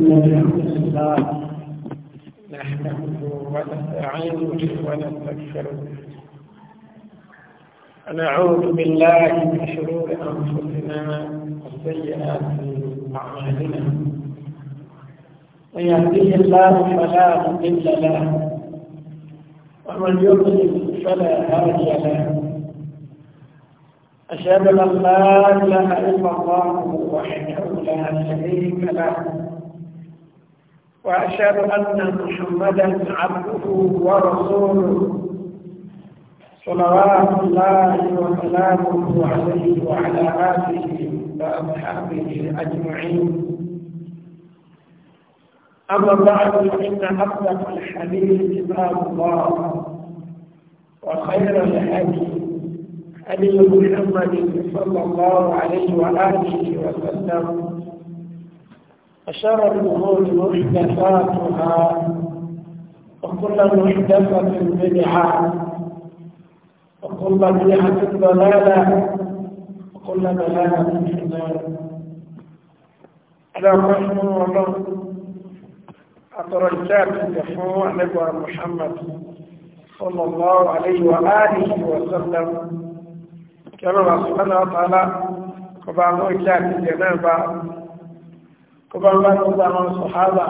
إن نحمده ونستعينه ونستغفره ونعوذ بالله من شرور أنفسنا وسيئات أعمالنا من يهديه الله فلا مضل له ومن يضلل فلا هادي له أشهد أن لا إله إلا الله وحده لا شريك له وأشهد أن محمدا عبده ورسوله صلوات الله وسلامه عليه وعلى آله وأصحابه أجمعين أما بعد فإن أصدق الحديث كتاب الله وخير الهدي حديث محمد صلى الله عليه وآله وسلم أشار الأمور محدثاتها وكل محدثة بدعة وكل بدعة ضلالة وكل ضلالة في النار على والله الله الكاتب يحوى نبوى محمد صلى الله عليه وآله وسلم كما سبحانه وتعالى وبعض إجاك الجنابة kó bá ń bá gbogbo àwọn sọ̀hábà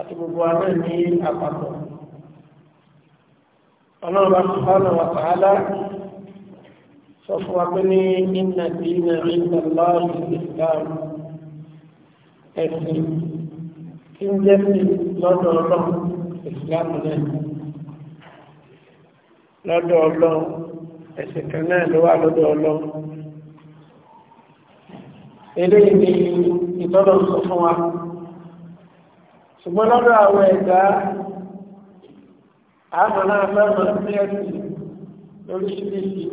àti gbogbo àwọn ní àpapọ̀ ọlọ́run bá sọ̀hánà wà tààlà sọ fún wa pé ní iná tí iná ìgbà láàrín islam ẹ̀sìn tí ń jẹ́ sí lọ́dọ̀ ọlọ́run islam náà lọ́dọ̀ ọlọ́run ẹ̀sìn náà ló wà lọ́dọ̀ ọlọ́run eléyìí ni ìtọ́lọ̀ sọ fún wa ṣùgbọ́n lọ́dọ̀ àwọn ẹ̀dá àmàlà àmàlà ní ẹ̀sìn lóríṣiríṣi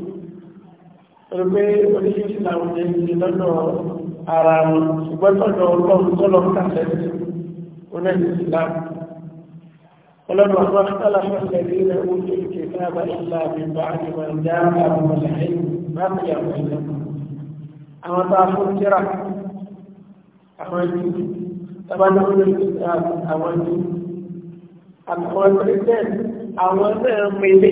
pẹ̀lúgbé oríṣiríṣi làwọn ẹ̀sìn lọ́dọ̀ ara wọn ṣùgbọ́n lọ́dọ̀ ọlọ́run tọ́lọ̀ kàṣẹ́ sí onẹ́sì islam ọlọ́dọ̀ àwọn akẹ́lá fẹ́lẹ̀ ní ilẹ̀ oúnjẹ ìkẹta àbáyé ìlà àbíbá àdìmọ̀ ìjà àbúmọ̀lẹ̀ àìyí má àwọn tá a fún kíra àwọn ẹni tàbátà fún àwọn ẹni àwọn christian àwọn náà mele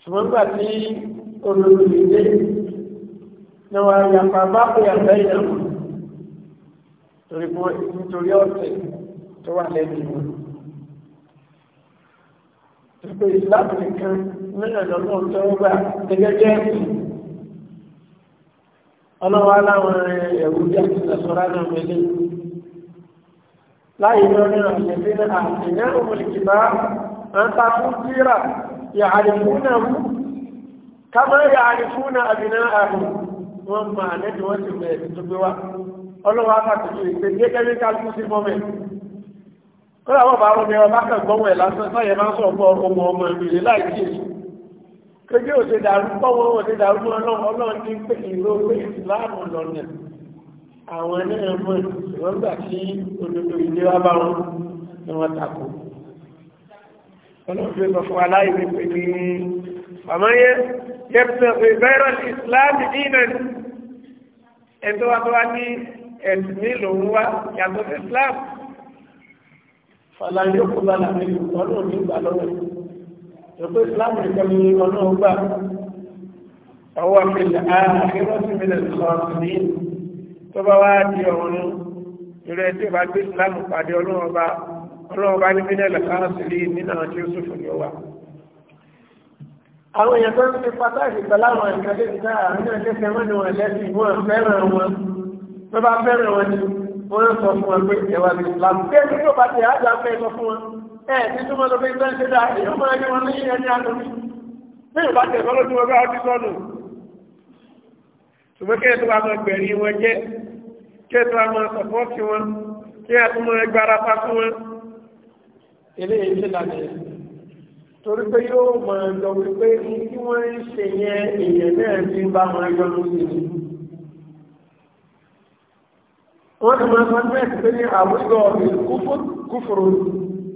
ṣùgbọ́n gbà tí olùdíje náà wà yàpá bá kò yàtọ̀ ìyàwó torí bó nítorí ọ̀sẹ̀ tó wà lẹ́nu ìwọ̀n. Ìgbé ìsìláàmù nìkan mẹ́lẹ̀ lọ́nà tó jẹ́ ọlọ́wọ́ aláwọn ẹ̀wù jẹ́ ìsọ̀rọ̀ náà mẹ́lẹ̀ láyé lọ ní àṣẹ̀fẹ́ náà àṣẹ̀yẹ́ ń ta fún síra yàrìfúnà mú àbìnà àrùn wọ́n máa wọ́n ti tó gbé wá ọlọ́wọ́ kéde òde dàrú pọ́wọ́ òde dàrú mọ́ ọlọ́run ní pé ìró pé ìsìláàmù lọ́nà àwọn náà mọ̀ wọ́n gbà sí òdodo ìlera bá wọn ni wọ́n tako ọlọ́run fi sọ fún aláìní pé ní àmọ́ yẹ yẹ́pẹ́ pé bẹ́rẹ̀ Islam dínà ẹni tó wá tó wá ní ẹ̀sìn ní lòun wá yàtọ̀ sí Islam fàlàyé kò lálàá nínú ọlọ́run nígbà lọ́wọ́ ìpé islam nìkan ní ọ̀nà ọgbà ọwọ́ àfihàn àhírọ́sí mi lẹ́nu sọ́ọ̀tún ní tó bá wá di ọ̀run ìrẹ́ tí ó bá gbé islam pàdé ọlọ́ọba ọlọ́ọba ní mílẹ̀ lọ́sọ̀ọ̀sì rí nínú àwọn tí ó sùfù ní ọwà àwọn èèyàn tó ń fi pàtàkì pẹ̀lú àwọn ẹ̀ka tó ti dá àwọn ẹ̀kẹ́kẹ́ wọn ni wọn lẹ́sìn wọn fẹ́ràn wọn tó bá fẹ́ràn wọn ni wọ́n sọ fún wọn pé ẹ̀wà islam kí ẹni bá ti àjà fẹ́ sọ fún wọn ẹ̀ẹ̀dí tó mọ́lọ fẹ́ ìgbẹ́ ìṣẹ́dá èyàn mọ́ ẹni wọn ní ẹni àtọ́mí ní ìbájẹ̀ sọ́lọ́ tí wọ́n bá ọdún sọ́nù ṣùgbọ́n kí ẹ tó wá mọ gbẹ̀rí wọn jẹ́ kí ẹ tó wá mọ sọ̀pọ́ọ̀tì wọn kí ẹ tó mọ ẹgbàra pa fún wọn ilé ìṣe lànà ẹ̀ torí pé yóò mọ ẹjọ́ wípé tí wọ́n ń ṣe yẹn èèyàn náà ti bá wọn ẹjọ́ lóṣù wọ́n ti máa sọ pé ní àwùjọ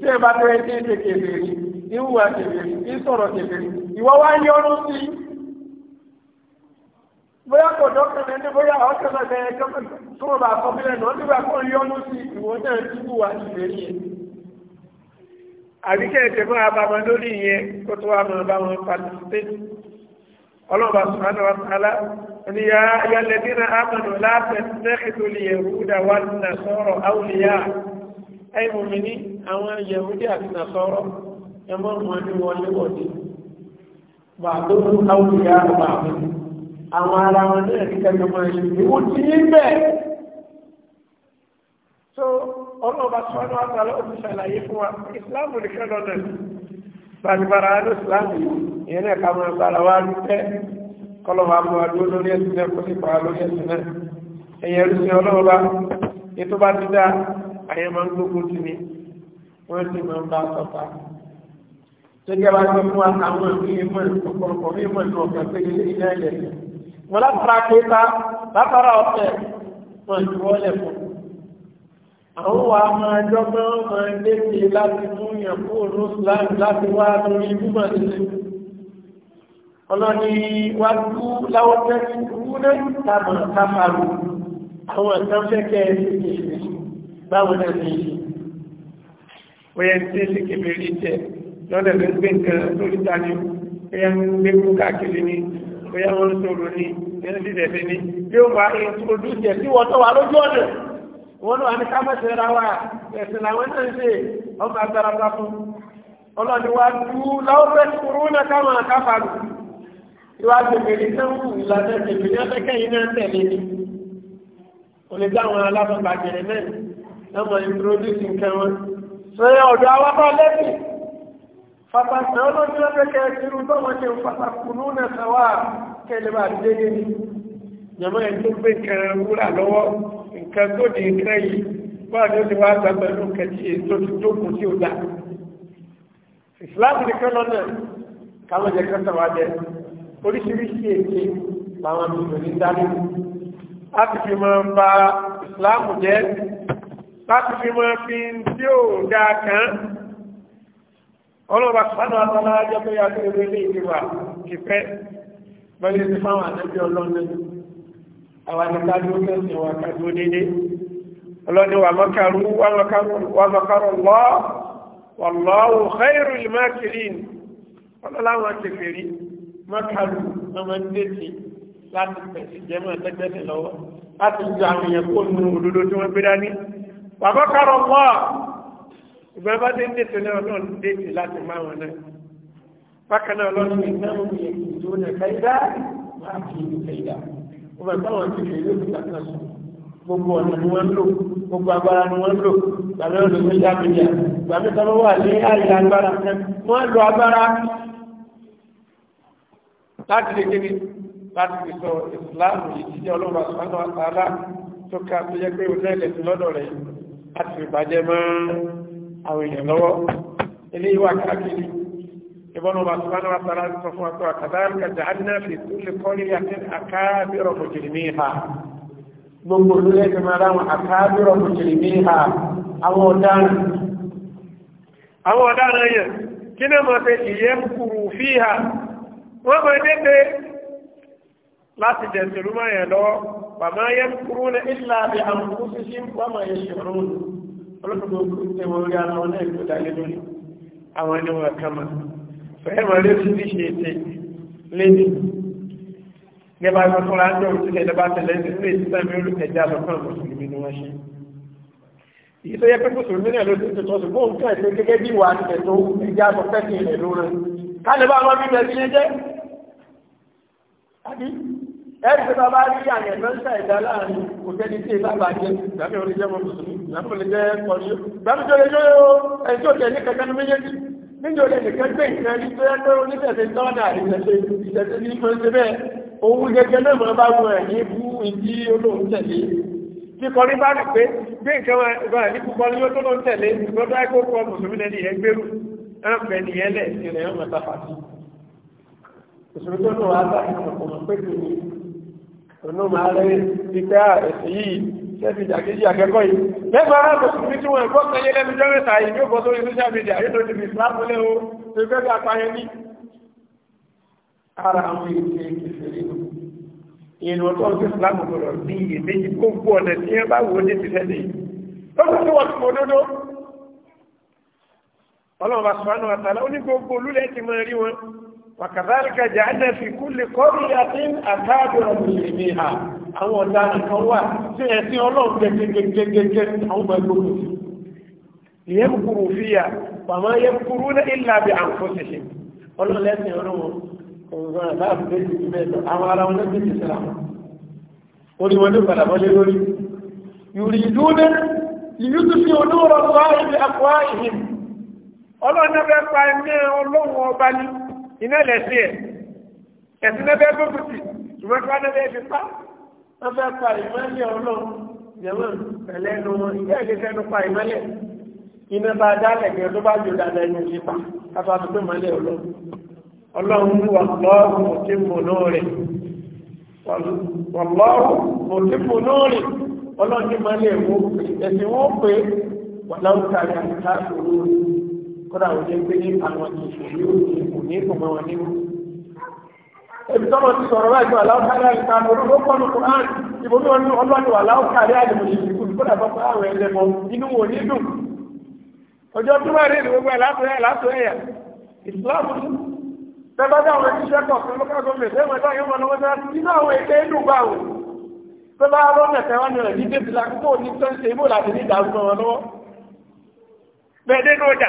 tí ẹ bá tẹ́wẹ́ tí ṣe kèfèrí ìhùwà kèfèrí ìsọ̀rọ̀ kèfèrí ìwọ wá ń yọrù sí i bóyá kò dọ́kítà ní bóyá ọ̀sẹ̀ lọ́sẹ̀ tó o bá kọ́ bílẹ̀ náà nígbà kó ń yọrù sí ìwọ náà tí kò wá kèfèrí yẹn. àbíkẹ́ ẹ̀jẹ̀ fún abamọ lórí yẹn kó tó wà mọ́ bá wọn pàtẹ́sítẹ́ ọlọ́ọ̀bà sùnmọ́nà wa sàlá ni ya ayọ̀lẹ́dínà àmọ̀nà láti ẹ̀yìn omi ní àwọn yẹ̀wúdí àti nàṣọ́rọ̀ ẹmọ́ wọn ní wọlé wọ̀dí bà tó ń káwọ́ ìyá àgbà mi àwọn ara wọn ní ẹ̀ríkẹ́jọ máa ṣe ìwò tí ní bẹ́ẹ̀ so ọlọ́ọ̀bá sọ́nà àtàlà òfin ṣàlàyé fún wa ìsìláàmù nìkan lọ́nà balibara alo ìsìláàmù ìyẹn náà ká máa bára wa rí pẹ́ kọlọ́wà mú adó lórí ẹ̀sìn náà kó sì pa lórí ẹ̀sìn náà ẹ̀yẹ ẹ̀rú sí ọlọ́ọ̀bá ètò bá ti dáa ayé máa ń gbógun tì mí wọ́n sì máa ń bá sọ́fà. Gẹ́gẹ́ bá ti mú àwọn ìmọ̀ ọ̀pọ̀lọpọ̀ ìmọ̀ ní ọ̀fẹ́ pé ilé iná ilẹ̀. Wọ́n látara pé bá látara ọ̀fẹ́ wọn ju wọ́lẹ̀ fún. Àwọn wa máa dọ́gbọ́n máa débi láti mú yàn fún Rúsùlám láti wá lórí mímọ̀ nílé. Ọlọ́ni wá tú láwọ́ tẹ́sí wúlé tàbí káfàrú. Àwọn ìtàn fẹ́ kẹ́ ẹ̀ báwo náà ni oyè tí ṣe kébèrè tẹ̀ lọ́dẹ̀ ló ń gbé nǹkan lórí tani oyè ń gbé kú káàkiri ni oyè wọn sọ̀rọ̀ ni oyè ti dẹ̀ ní yóò wá ìtòdú jẹ̀ sí wọ́n tó wà lójú ọ̀nà wọn náà ní kámẹ́sẹ̀ ra wa ẹ̀sìn làwọn náà ń ṣe ọmọ agbára bá fún ọlọ́ni wa dú láwọn fẹ́ kúrú náà káwọn àkáfàlù ìwà gbèbèrè sẹ́wọ̀n ìlànà gbèbèrè ọ̀fẹ́kẹ́yìn náà tẹ̀lé ni òní lọ́mọ ìpúrọ́dúsì nǹkan wọn ṣe ọ̀dọ̀ awábá lẹ́bì fàtàkì ọlọ́dún lọ́pẹ́kẹ́ irú tọ́mọ ṣe ń pàtàkì lónà sáwà kẹlẹ́bà dédé ni jọmọ ẹni tó gbé nǹkan wúrà lọ́wọ́ nǹkan tó di nǹkan yìí wọ́n ni ó ti wá gbà pẹ̀lú kẹtí ètò tí tó kù tí ó dá ìsìláàmù nìkan lọ́nà káwọn jẹ kẹta wá jẹ oríṣiríṣi èké làwọn mùsùlùmí dání láti fi máa ń ba ìsìláàmù jẹ́ láti fi mọ́ fi tí ó ga kan ọlọ́ba sánà àtàlá ajọ́ pé yàtọ̀ èrò ilé ìdíwà ti pẹ́ bọ́lẹ̀ ti fáwọn àtẹ́bí ọlọ́nà àwọn àtẹ́kájú mẹ́sìn wà kájú dédé ọlọ́ni wà mọ́kàrú wà mọ́kàrú lọ́ wàlọ́wù khairu limakirin ọlọ́láwọn ti fèrí mọ́kàrú ọmọ ndéjì láti pẹ̀sì jẹ́mọ̀ tẹ́gbẹ́sì lọ́wọ́ láti ju àwọn èèyàn kó nu tí wọ́n gbé dání bàbá kárọ̀ mọ́ ìgbà bá dé ní ìtẹ̀lé ọlọ́run dé ti láti máa wọn náà bákan náà ọlọ́run ní ìgbà wọn yẹ kí ìjọ náà káyidá máa fi ìlú káyidá wọn bá táwọn ti fèrè lórí ìgbàkan sùn gbogbo ọ̀nà ni wọ́n ń lò gbogbo agbára ni wọ́n ń lò gbàmí ọ̀nà ní ìjà mídíà gbàmí tọ́ wà ní àyè agbára wọ́n lo agbára láti lè kéde láti fi sọ ìsìláàmù yìí ọlọ́run àti láti fi bàjẹ́ mọ́ àwọn èèyàn lọ́wọ́ eléyìí wà káàkiri ìbọn ọba sọ́nà wa sọ́nà sọ fún akọ́ àkàdáríkà jàánà fi kúlẹ̀ kọ́lé yàtí àkábírọ̀ mùjìrìmí ha gbogbo olóyè ti máa ráwọn àkábírọ̀ mùjìrìmí ha àwọn ọ̀daràn àwọn ọ̀daràn yẹn kí náà máa fẹ́ ìyẹ́ kúrú fi ha wọ́n máa dẹ́gbẹ́ láti dẹ̀sẹ̀rú máa yẹn lọ́wọ́ وما يذكرون إلا بأنفسهم وما يشعرون ọlọ́pàá òkúté wọn rí ara wọn náà ìlú dalé lórí àwọn ẹni wọn kama fẹ́ẹ̀mọ̀ lórí ti ṣe ètè lẹ́nu gẹ́gbà tó fúnra ń dọ̀rọ̀ sílẹ̀ lọ́ba tẹ̀lé ní ilé ìsìnkú mi rú ẹ̀já lọ́kàn mùsùlùmí ni wọ́n ṣe èyí tó yẹ pé mùsùlùmí náà ló ti ti tọ́sù bóun kàn ṣe gẹ́gẹ́ bí ìwà àtẹ̀ tó ẹ̀já sọ fẹ́ kí ilẹ̀ ló rẹ̀ ká lè bá ẹ̀rí tó bá rí àyẹ̀ lọ́sà ìdá láàrin kò tẹ́ni tí ìbá bá jẹ́ ìgbàmí orí jẹ́ mọ́mùsùlùmí ìgbàmí orí jẹ́ kọ̀ọ̀lú ìgbàmí tó lè yóò ẹni tó tẹ̀ ní kankan méjèèjì níjọ lè nìkan gbé ìkan ní tó yẹ pé oníṣẹ̀ṣẹ̀ tọ́nà ìṣẹ̀ṣẹ̀ ìṣẹ̀ṣẹ̀ ní ìfẹ́ ṣe bẹ́ẹ̀ òun gẹ́gẹ́ náà máa bá wọn ẹ̀yìn bú ìdí olóhùn tẹ̀lé tí kọrin bá rí pé gbé nǹkan wọn ẹ̀rí púpọ̀ ní yóò tó ń tẹ̀lé lọ́dọ̀ ẹ̀kọ́ pọ̀ mùsùlùmí lẹ́ni ẹ̀ gbérù ẹ̀rọ̀pẹ̀ ni ẹlẹ́ẹ̀sì rẹ̀ ọ̀nà tàfàtì mùsùlùmí tó lọ́wọ́ á bá ìkọ̀ọ̀kọ̀ pẹ̀lú ònà máa rẹ̀ ìpẹ́ ẹ̀sìn yìí sẹ́fì ìdàkejì akẹ́kọ̀ọ́ yìí lẹ́fà arábò sí tí wọ́n ẹ̀kọ́ sẹ́yẹ lẹ́nu jọ́mẹ́ta yìí yóò bọ́ sórí social media yóò ti fi islam lé o tó fẹ́ bí apáyẹ ní ara àwọn ìṣe ìṣẹ̀lẹ̀ ìyẹn ni wọ́n tọ́ sí islam gbọ́dọ̀ ní iye méjì gbogbo ọ̀nà tí wọ́n bá wò ní ìfẹ́ lè lọ́dún tí wọ́n ti mọ̀ dódó ọlọ́run bá sọ وكذلك جعلنا في كل قرية أكابر مجرميها أو دار الكوا سيأتي الله أو مجرمين يمكروا فيها وما يمكرون إلا بأنفسهم والله لا يسمعون لا بيت بيت أو على ولا بيت سلام قولي ونبلا ولي يريد يريدون ليطفئوا نور الله بأقوائهم ọlọ́run náà fẹ́ pa ẹ̀mí ọlọ́run ọba ni iná lẹ́sìn ẹ̀ ẹ̀sìn náà bẹ́ẹ̀ gbógun tì ṣùgbọ́n kí wọ́n náà bẹ́ẹ̀ fi pa wọ́n fẹ́ pa ìmọ̀lẹ̀ ọlọ́run yẹ̀wọ̀n pẹ̀lẹ́ nu wọn ìyá ìdí fẹ́ nu pa ìmọ̀lẹ̀ iná bá dálẹ̀ gẹ̀ tó bá jò dáadáa ẹni fi pa káfá tó pé ìmọ̀lẹ̀ ọlọ́run ọlọ́run wà lọ́rùn òkè mọ̀nà rẹ̀ wọ̀lọ́rùn òkè mọ̀nà rẹ̀ ọlọ́run ti mọ̀lẹ̀ ẹ̀sìn wọn pé wọ́n kódà ó jẹ́ pé ní àwọn ìṣòro yóò ní kò ní kò mọ́ wọn nínú. Ebi tọ́lọ̀ ti sọ̀rọ̀ láì fún aláwọ̀kárí àyíká lórí ó pọ̀nù Kùrán ìbò ní ọdún ọlọ́ni aláwọ̀kárí àyẹ̀mọ̀ ìṣìkú kódà bọ́ pé àwọn ẹlẹ́mọ inú wọn ní dùn. Ọjọ́ tó wẹ̀rẹ̀ ní gbogbo ẹ̀látọ̀ẹ́ ẹ̀látọ̀ẹ́yà. Ìsìláàmù tẹ́gbá bí àwọn ẹ̀ṣiṣẹ́ kọ̀ọ̀kan lọ́kà gómìnà tẹ́gbá bí àwọn ẹ̀ṣiṣẹ́ kọ̀ọ̀kan tó bá rọ́nà tẹ́wọ́n ní rẹ̀ ní débi lakúkọ́ ní tó ń ṣe ibò láti ní ìdàrúgbọ̀n wọn lọ́wọ́ bẹ́ẹ̀ dé ní ọjà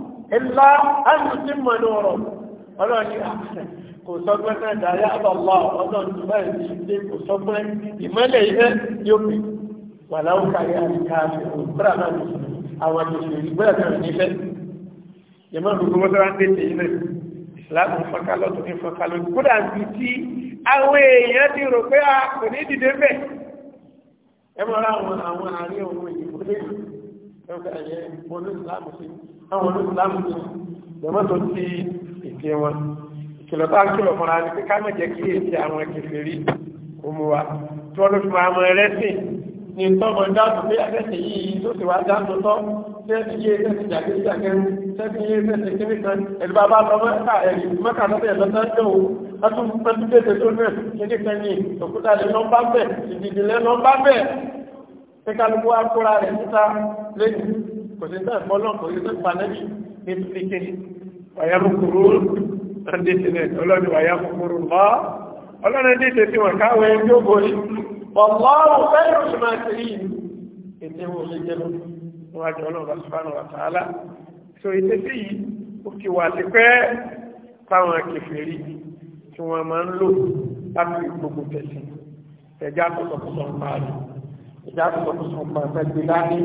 ilá ẹnìtí mọ̀ ní ọ̀rọ̀ ọlọ́ni kò sọgbẹ́ náà dáyà àbàlá ọlọ́ni báyìí ti dé kò sọgbẹ́ ìmọ́lẹ̀ ilẹ̀ yóò pè wà láwùká yà ní káàfin òkúra náà ní àwọn ìṣòro ìgbéra náà nífẹ̀ yẹmọ́ gbogbo wọn sára ń tètè ilẹ̀ ẹgbẹ́ ẹ̀yẹ olóòsìláàmù sí àwọn olóòsìláàmù sí jọmọ́ tó ti ìké wọn ìkìlọ̀ bá ń kìlọ̀ fúnra ní pé ká má jẹ́ kí èsì àwọn kèfèrí òmù wa tí wọ́n ló fi máa mọ ẹlẹ́sìn ní tọ́mọ dáàbò pé akẹ́sẹ̀ yìí tó ti wá dáàbò tọ́ sẹ́ẹ̀tì yé sẹ́ẹ̀tì jàgídíjàgẹ́ sẹ́ẹ̀tì yé sẹ́ẹ̀tì kíní kan ẹ̀rù bàbá lọ mẹ́ta ẹ̀rù mẹ́ta lọ́sẹ̀ lọ́sẹ̀ jọ o látún pẹ́tù tètè tó náà kíní kan ní òkúta lé nọ́mbà bẹ́ẹ̀ ìdìdì lé nọ́mbà bẹ́ẹ̀ kíkálukú wa kóra rẹ̀ níta lẹ́yìn kò sí sẹ́ẹ̀ fọ́lọ́ kò sí sẹ́ẹ̀ panẹ́bì ní pípíkì ọ̀yà kúkúrú ẹ̀ndé sílẹ̀ ọlọ́ni ọ̀yà kúkúrú mọ́ ọlọ́ni ẹ̀ndé tẹ̀sí wọn káwé ẹjọ́ borí ọlọ́run fẹ́rẹ̀ oṣù máa ti rí ta'ala so ètè sí yìí ó ti wà sí pẹ́ táwọn akẹfẹ̀rí tí wọ́n máa ń lò láti gbogbo tẹ̀sí ẹ̀já kọ̀tọ̀kọ̀tọ̀ ń parí ìdáàbòbò tó sùn kan fẹ́ gbé dání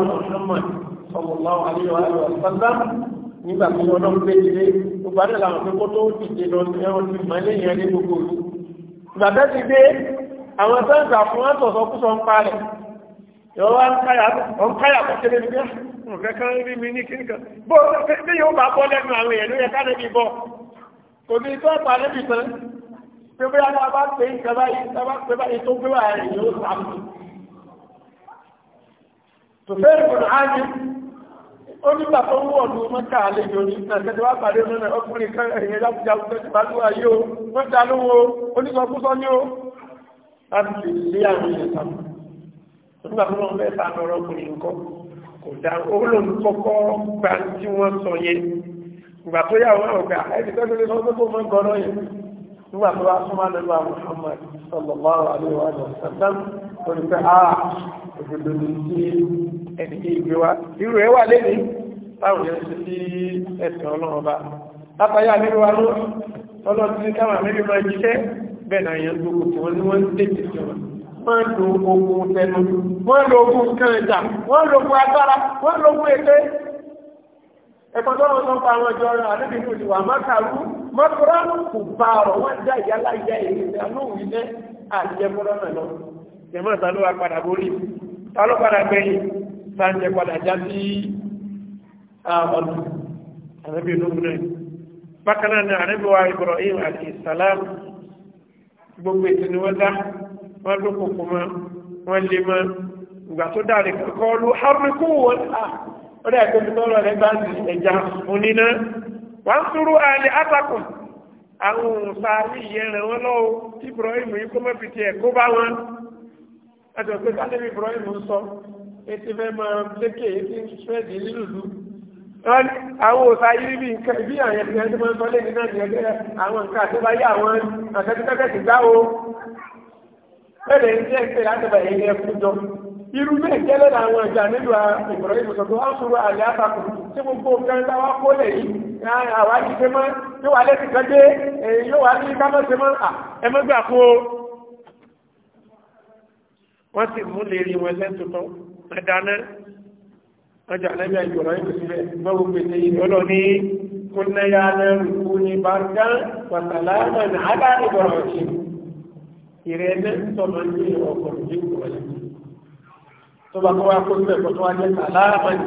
Muhammad sallallahu alaihi wa sallam nígbà tí wọn náà gbé dìde gbogbo àti ìlànà pé kó tó dìde lọ sí ẹwọn ti mọ ilé yẹn ní gbogbo ìlú ìgbà tó ti dé àwọn sẹ́ńtà fún wọn sọ̀sọ̀ kú sọ ń parẹ̀ yọ wá ń káyà ọ̀n káyà kó kéde níbi ọ̀fẹ́ kan rí mi ní kíníkan bó ṣe yóò bá bọ́ lẹ́nu àwọn èèyàn ló yẹ ká lè bí bọ́ kò ní tó ọ̀pá lẹ́bi tán pé bóyá tá a bá pè é ìjọba yìí tá a bá pè é báyìí tó gbé wà rẹ̀ yóò sàmù. tòfẹ́rì kò náà ní ó nígbà tó ń wọ̀ lóun mọ́ta àlejò ní ìtàkẹ́tẹ́ wá pàdé lónà ọkùnrin kan ẹ̀yìn jákujáku tó ti bá o mọ́ta lówó onígbàkúsọ o láti fi ilé àwọn èèyàn sàmù. nígbà tó wọn bẹ́ẹ̀ sàmù ọ̀rọ̀ ọkùnrin nǹkan kò dá olóńkọ́kọ́ gbà tí wọ́n nígbà tó wá súnmọ́ lẹ́nu àwọn Muhammad sallallahu alaihi wa sallam tó ní pé a ah, òdodo ní sí ẹni ìgbé wa irú ẹ wà lẹ́ni táwọn yẹn ti sí ẹsẹ̀ ọlọ́run ọba látàyà nínú wa ló tọ́lọ́ ti káwọn àmẹ́rin máa jíṣẹ́ bẹ́ẹ̀ náà yẹn gbogbo tí wọ́n ní wọ́n ń tètè sí wọn wọ́n lo ogun tẹnu wọ́n lo ogun nǹkan ìjà wọ́n lo ogun agbára wọ́n lo ogun ète ẹ̀kọ́ tó wọn sọ pa àwọn ìjọ rẹ̀ àdébìnrin òṣìwà má kàrú mọ́tòrá kò bá ọ̀rọ̀ wọ́n já ìyálà ìyá èyí ni alóhùn ilé àjẹmọ́rọ́ náà lọ. jẹ̀mọ́ ta ló wá padà borí ta ló padà Ibrahim àti salam gbogbo ètò ni wọ́n dá wọ́n ló kókó mọ́ wọ́n lé mọ́ ìgbà tó dáre kọ́kọ́ lu harikú wọn. ó dà wọ́n ń túrú àlè átakùn àwọn òǹsàárì yẹn ràn wọ́n lọ́wọ́ tí Ibrahim yìí kó má fi tiẹ̀ kó bá wọn. àjọ pé sálẹ́bí Ibrahim ń sọ etí fẹ́ máa lékè etí ń fẹ́ẹ̀dì lílùlù. àwọn òǹsàárì bí nǹkan ìbí àyẹ̀ ti ẹni máa ń sọ lé nínú àyẹ̀ àwọn nǹkan àtẹ́báyé àwọn àtẹ́tẹ́tẹ́tẹ́ ti gbá o. bẹ́ẹ̀ ni jẹ́ ìpè látọ̀bà ẹ̀yẹ ẹ̀kú jọ irú bẹ́ẹ̀ jẹ́lẹ̀ àwọn ìjà nílùú Ibrahim sọ̀tún á sọ̀rọ̀ àlẹ́ àtàkùn tí gbogbo nǹkan táwa kó lẹ̀ yìí àwa yìí ṣe mọ́ yóò wá lẹ́sìn kan dé èyí yóò wá ní kámọ́ ṣe mọ́ ẹ mọ́ gbà kó o. wọ́n sì mú lè rí wọn lẹ́sùn tán ẹ̀dáná ọjà lẹ́bí àjọ̀rọ̀ yìí síbẹ̀ gbọ́wọ́ pèsè ìdọ́lọ́ ní kúnlẹ́yà lẹ́rù kú ní bàtà pàtàlámà ní aláàbọ̀rọ̀ ọ̀sìn ìrẹ́ lẹ́sọ̀mọ ní ọkọ̀ ìdíkù ọ̀sìn tó bá kọ́ wá kó síbẹ̀ kó tó wá jẹ́ sàlámà ní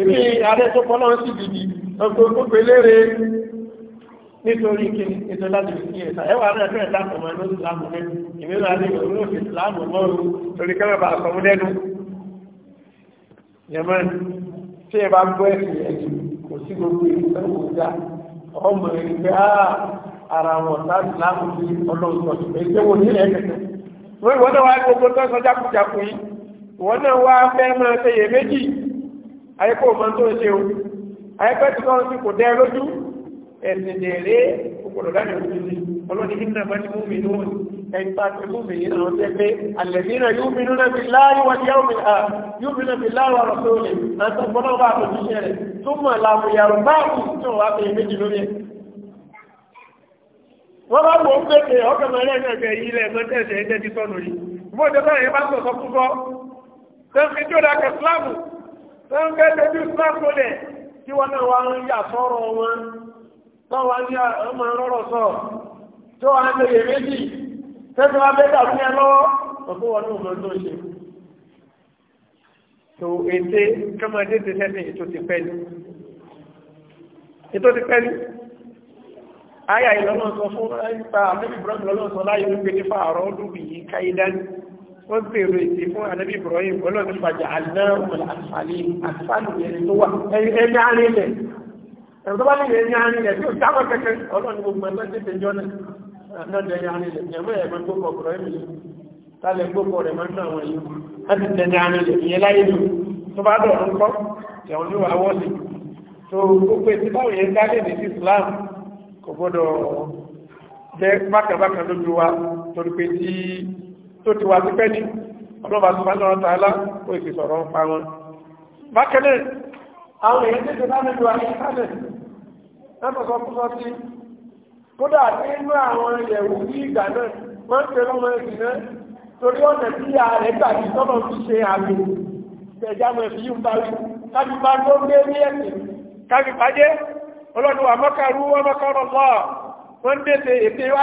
èmi ààrẹ tó pọ́lọ́ sí ìdìdì ọgbọ̀gbọ̀ eléré nítorí kí ètò láti fi ẹ̀sà ẹwà rẹ̀ fẹ́ ẹ̀ta kọ̀mọ̀ ní ìsìlámù lẹ́nu ìmìíràn ní ìlú ìsìlámù mọ́rù torí kẹ́mẹ́bà àkọ̀mù lẹ́nu yẹmọ́ tí ẹ bá gbọ́ ẹ̀sìn ẹ̀sìn kò sí gbogbo ìsìlámù ọjà ọmọ ìgbẹ́ ara wọn láti láàmù sí ọlọ́run sọ̀tún ẹgbẹ́ wo ní ẹ̀kẹ́kẹ́ wọ́n wọ́n náà wá gbogbo tó sọjá kújà fún yìí wọ́n náà wá fẹ́ máa ṣe iyèméjì ayẹ́kọ́ ọmọ tó ń ṣe o ayẹ́kọ́ tí wọ́n ti kò dẹ́ lójú ẹ̀sìn dèrè òkòrò láti ojú sí ọlọ́ni nínú ẹ̀mọ́ ni múmi ní òun ẹ̀yìn pàtó múmi yìí náà jẹ́ pé àlẹ́bí náà yóò mi nínú ẹbí láàrin wọn yóò mi à yóò mi nínú ẹbí láàrin ọ̀rọ̀ tó lè náà tó gbọ́dọ̀ bá àtòjú iṣẹ́ rẹ̀ tó mọ̀ làwọn yàrá báàbù tó wà pé méjì lórí ẹ̀. wọ́n bá wọ pépè ọkọ̀ mẹ́rẹ́ náà fẹ́ yí lẹ̀ mọ́tẹ́ẹ̀sẹ̀ ẹ̀jẹ̀ ti sọnù yìí tó ń gbé tí wọ́n náà ń yà sọ́rọ̀ wọn tó wá ọmọ rọ́rọ̀ sọ tó wà ń lè méjì tẹ́tí wá bẹ́ẹ̀ dàbí ẹ lọ́wọ́ wọn náà tó ṣe. tó ète ti ètò ti pẹ́ ni ètò ti pẹ́ ni sọ fún pa àmì lọ́nà sọ láyé wípé wọ́n bèèrè ìdí fún ànábì Ibrahim ọlọ́run fàjà àlẹ́rùn àfàlì àfàlù ẹni tó wà ẹni àrílẹ̀ ẹ̀rọ tó bá ní ẹni àrílẹ̀ tí ó dáwọ́ kẹ́kẹ́ ọlọ́run gbogbo ẹgbẹ́ tí tẹjọ́ náà ẹni àrílẹ̀ ẹ̀mọ́ ẹ̀mọ́ tó kọ̀ Ibrahim tálẹ̀ gbogbo rẹ̀ máa ń náà wọ̀nyí láti tẹni àrílẹ̀ ìyẹn láyé lò tó yẹn dálé ní Islam kò gbọ́dọ̀ jẹ́ bákàbákà lójú wa torí tí tó ti wà pípẹ́ ní ọlọ́ba tó máa ń lọ́rọ̀ tààlà ó sì sọ̀rọ̀ ń pa wọn. bákan náà àwọn èèyàn tètè láti lu àyè sálẹ̀ lọ́tọ̀ sọ fún sọ́tí kódà nínú àwọn ẹ̀wù ní ìgbà náà wọ́n ń pe lọ́mọ ẹ̀sìn náà torí ọ̀nà tí ààrẹ gbà tí tọ́lọ̀ fi ṣe àmì ìgbẹ̀já mọ̀ èyí ń parí kájú bá tó gbé ní ẹ̀sìn kájú bá jẹ́ ọlọ́dún àmọ́kàrú ọmọkàrọ̀ lọ́ọ̀ wọ́n ń dètè ètè wá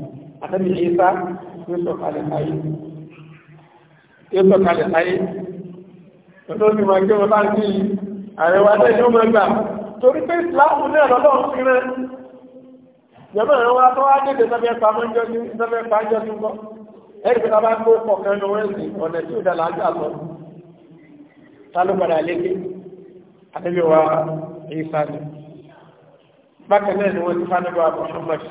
àtẹ́bí ìsá yóò sọ̀kalẹ̀ ayé yóò sọ̀kalẹ̀ ayé olóòtú máa gbé wọn láti àrẹwà tẹ́ yóò máa gbà torí pé ìsìláàmù náà lọ́dọ̀ ń fi rẹ̀ jẹ́mọ̀ ẹ̀rọ wa tó wá dédé sọ́fẹ́ pamọ́ jọ ní sọ́fẹ́ pàjọ́ tó kọ́ ẹ̀rí pé tábà kó pọ̀ kan ní wọ́n sì ọ̀nà tí ó dàlá àjọ àtọ̀ ta ló padà léke àtẹ́bí wa ìsá ni bákan náà ni wọ́n ti fánibà Muhammad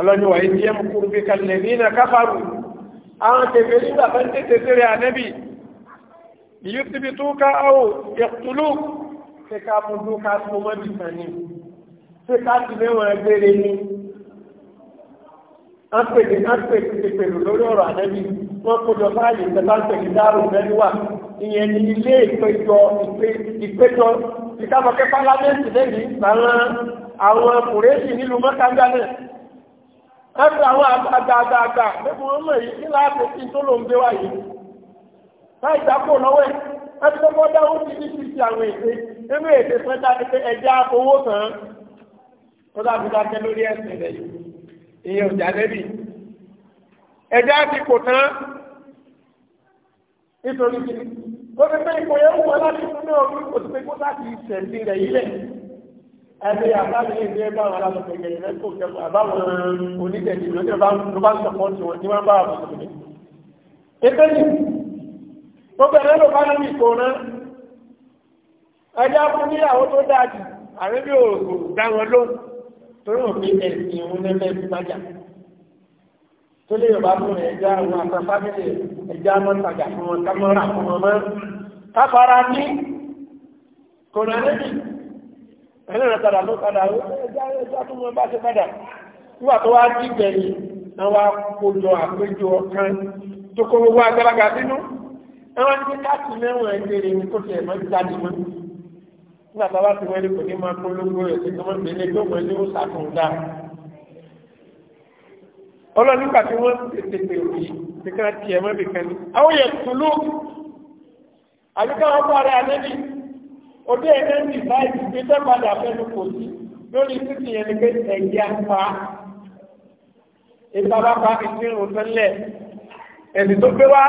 ọlọ́niwà ìdí ẹmù kúrú bí kalẹ̀ ní ìnà káfàrù àwọn tẹ̀fẹ̀ nígbà bá ń tẹ̀tẹ̀ sí rẹ̀ ànẹ́bì yìí ti bi túká áwò ìtùlù ṣe ká mú túká tó mọ́ bí sàní ṣe ká ti mẹ́wọ̀n ẹgbẹ́rẹ́ ni wọ́n pè ní wọ́n pè ní ti pẹ̀lú lórí ọ̀rọ̀ ànẹ́bì wọ́n kó jọ fáàyè ìjọba ń pèlú dárò mẹ́lú wà ìyẹn ní ilé ìpéjọ ìpéjọ ìkábọ̀kẹ́ pálámẹ́ǹtì lẹ́yìn ìgbà àwọn kùrẹ́sì nílùú mọ́kàndá náà ẹ̀fẹ̀ àwọn àgbààgbà lẹ́kùn wọn mọ̀ yìí nílá àfẹ́sí tó ló ń gbé wá yìí láì dákò lọ́wọ́ ẹ̀ ẹ̀fẹ̀ tó kọ́ dáwọ́ ti ní ti ti àwọn èdè nínú èdè sẹ́ta ni pé ẹja owó kan tó dábì dákẹ́ lórí ẹ̀sìn rẹ̀ yìí ìyẹn ò jàdẹ́bì ẹja ti kò tán nítorí kí ó ti pé ipò yẹn wù wọn láti fún ní ọdún kò ti pé kó láti ìṣẹ̀lẹ̀ rẹ̀ yìí lẹ̀ ẹbí àbáwọn ilé ẹgbẹ́ àwọn alábọ̀tẹ̀ ìgbẹ̀rẹ̀ tó kẹfà àbáwọn onídẹ̀ẹ̀dì ló bá ń sọ̀pọ̀ tí wọ́n ní wọ́n bá àwọn ọmọdé. ẹgbẹ́ ni gbogbo ẹ̀rọ ló bá lórí ìkó rán ẹjá fún níyàwó tó dáa jù àrẹ bí òògùn dá wọn lóhùn torí òfin ẹ̀sìn òun lẹ́lẹ́ ti bájà tó lè yọ̀bá fún ẹja àwọn àtàfáàmìlì ẹja mọ́tàgà fún wọn kámọ́ra fún wọn mọ́ káfara ní kòránẹ́bì ẹlẹ́rẹ̀ padà ló padà ẹjá tó mọ́ bá ṣe padà wíwà tó wá jí gbẹ̀rì àwọn akójọ àpéjọ kan tó kó gbogbo agbára sínú ẹwọ́n ní káàkiri mẹ́wọ̀n ẹgbẹ̀rẹ̀ ní tó tẹ̀ mọ́ jáde mọ́ nígbà tó bá ti wọ́n ní kò ní máa polówó rẹ̀ sí ọmọ ìgbélé tó mọ̀ ní òòsà tó ń dá ọlọ́ni nígbà tí wọ́n tètè pè òbí nìkan tiẹ̀ òde ẹ̀rẹ́ ti báyìí ti tẹ́ padà fẹ́nu kò sí lórí títì yẹn ni pé ẹ̀yà pa ìbára pa ìṣirò tẹ́lẹ̀ ẹ̀sì tó gbé wá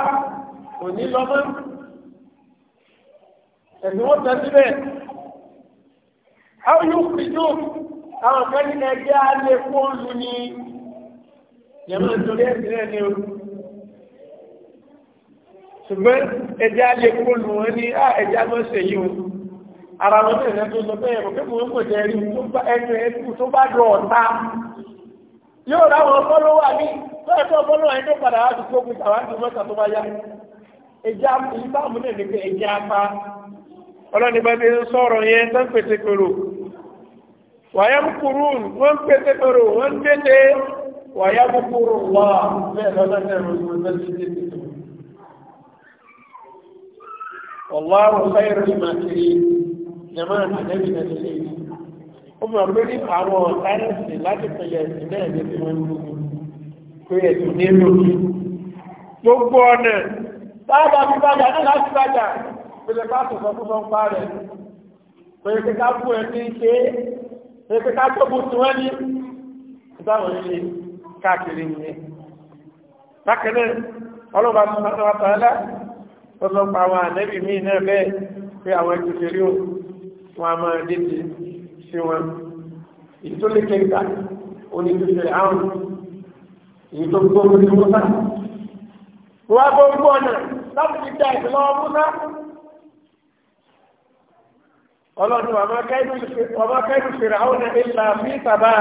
kò ní lọ́mọ́ ẹ̀sìn wọ́n tẹ́ síbẹ̀ àwọn yóò fi dùn àwọn kan ní ẹgbẹ́ alẹ́ fóònù ni yẹ̀mọ́ nítorí ẹ̀sìn rẹ̀ ni o ṣùgbọ́n ẹgbẹ́ alẹ́ fóònù wọn ni ah, ẹ̀jẹ̀ á mọ̀ ṣèyí o. ara lọ bẹ́ẹ̀ tó lọ bẹ́ẹ̀ kò kéwòn kò jẹ́ rí ẹnu ẹkù tó bá dọ̀ ọ̀tá yóò ráwọn fọ́lọ́wà ní bẹ́ẹ̀ fọ́lọ́wà ẹni padà wá sí gbogbo mẹ́ta tó bá yá ìbá mú apá ọlọ́ni bá ti ń sọ̀rọ̀ yẹn tó ń pèsè kòrò jẹmọ́ àtẹ́bí náà lè yìí ó mọ̀ pé ní àwọn sáyẹ́ǹsì láti pẹ̀lẹ̀ ẹ̀sìn náà ní ti wọ́n lù pé ẹ̀sìn ní lòdì gbogbo ọ̀nà sáábà fi bàjá náà láti bàjá pẹ̀lẹ̀ bá sọ̀sọ̀ fún wọn pa rẹ̀ pẹ̀lẹ̀ pẹ̀ká fún ẹ̀ ní ṣe pẹ̀lẹ̀ pẹ̀ká tó bù tí wọ́n ní ìbáwọn ṣe káàkiri nìyẹn bákan náà ọlọ́ba sọ̀rọ̀ àtàlá ọlọ́pàá àwọn ànẹ́bì míì náà bẹ́ẹ̀ pé àwọn ẹ̀kùnṣe rí òun wọn a máa débi sí wọn èyí tó lé kẹta onídùúfẹ́ àwọn èyí tó gbóòmù ní mọ́sá wọ́n á bọ́ ń láti fi dá ìfìlọ́wọ́ mọ́sá ọlọ́run ọmọ kẹ́dù fìràúnà ìlà fi tàbá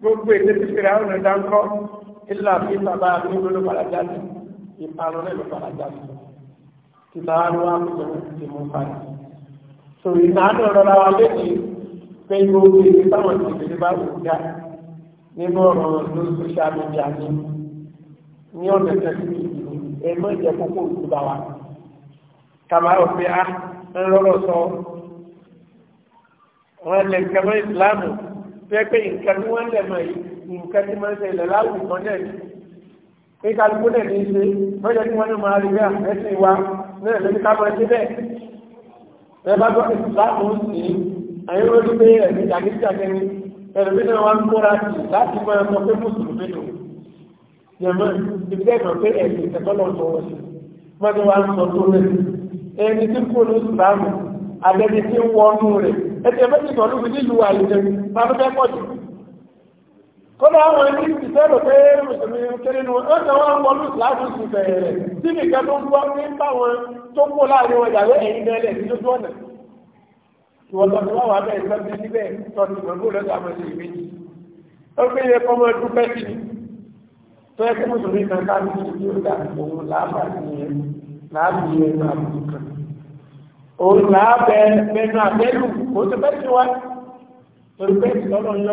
gbogbo èdè ti fìràúnà dáńkọ́ ìlà fi tàbá gbogbo ló padà jáde ìparun náà ló padà jáde títà wá ní ti mú padà so ìnáàdù rọra wa léjì pé gbogbo ìwé táwọn ìdílé bá wù dá nínú ọ̀rọ̀ lórí social media ní ní ọ̀nà tẹ̀sí ẹ̀mọ́ ìjẹ́ kókó òkú bá wa kàmáà pé a ah, ń rọ́rọ̀ sọ wọn lè kẹ́mọ́ ìsìláàmù pé pé nǹkan tí wọ́n lè mọ̀ yìí nǹkan tí wọ́n ṣe lè láwùjọ náà ni pé kálukú náà ní í ṣe wọ́n yẹ kí wọ́n ní máa rí bí àfẹ́sìn wa náà lórí ká ẹ̀bá gbọ́ ìsìláàmù sí ẹ̀yìn orí pé ẹ̀mí jàgídíjàgẹ́ni ẹ̀rùmí náà wá ń kóra sí láti máa sọ pé mùsùlùmí lò jẹ̀mọ́ ìbílẹ̀ ìmọ̀ pé ẹ̀mí ìtẹ̀kọ́lọ̀ sọ̀wọ́ sí mọ́tò wá ń sọ tó rẹ̀ ẹni tí kò ní ìsìláàmù àbẹ́ni tí ń wọnú rẹ̀ ẹ̀jẹ̀ mẹ́tì sọ̀rọ̀ nílùú àyẹ̀jẹ̀ kódà àwọn ẹni ti sẹ́rò pé mùsùlùmí kéré nu ó ní wọn wọlú ìsìláàfù sí bẹ̀rẹ̀ tí nìkan tó ń gbọ́ ní táwọn tó kó láàrin wọn yàrá ẹ̀yìn bẹ́ẹ̀lẹ̀ ní lójú ọ̀nà ìwọ̀n tó wà wà bẹ́ẹ̀ sọ́ọ́ sí níbẹ̀ tọ́sí ìgbàgbọ́ lọ́sọ̀ àwọn ẹ̀sìn ìbejì ó gbé yẹ kọ́mọ dúpẹ́ sí i tó yẹ kí mùsùlùmí kan ká ní ìdí ó dà òun láàbà ní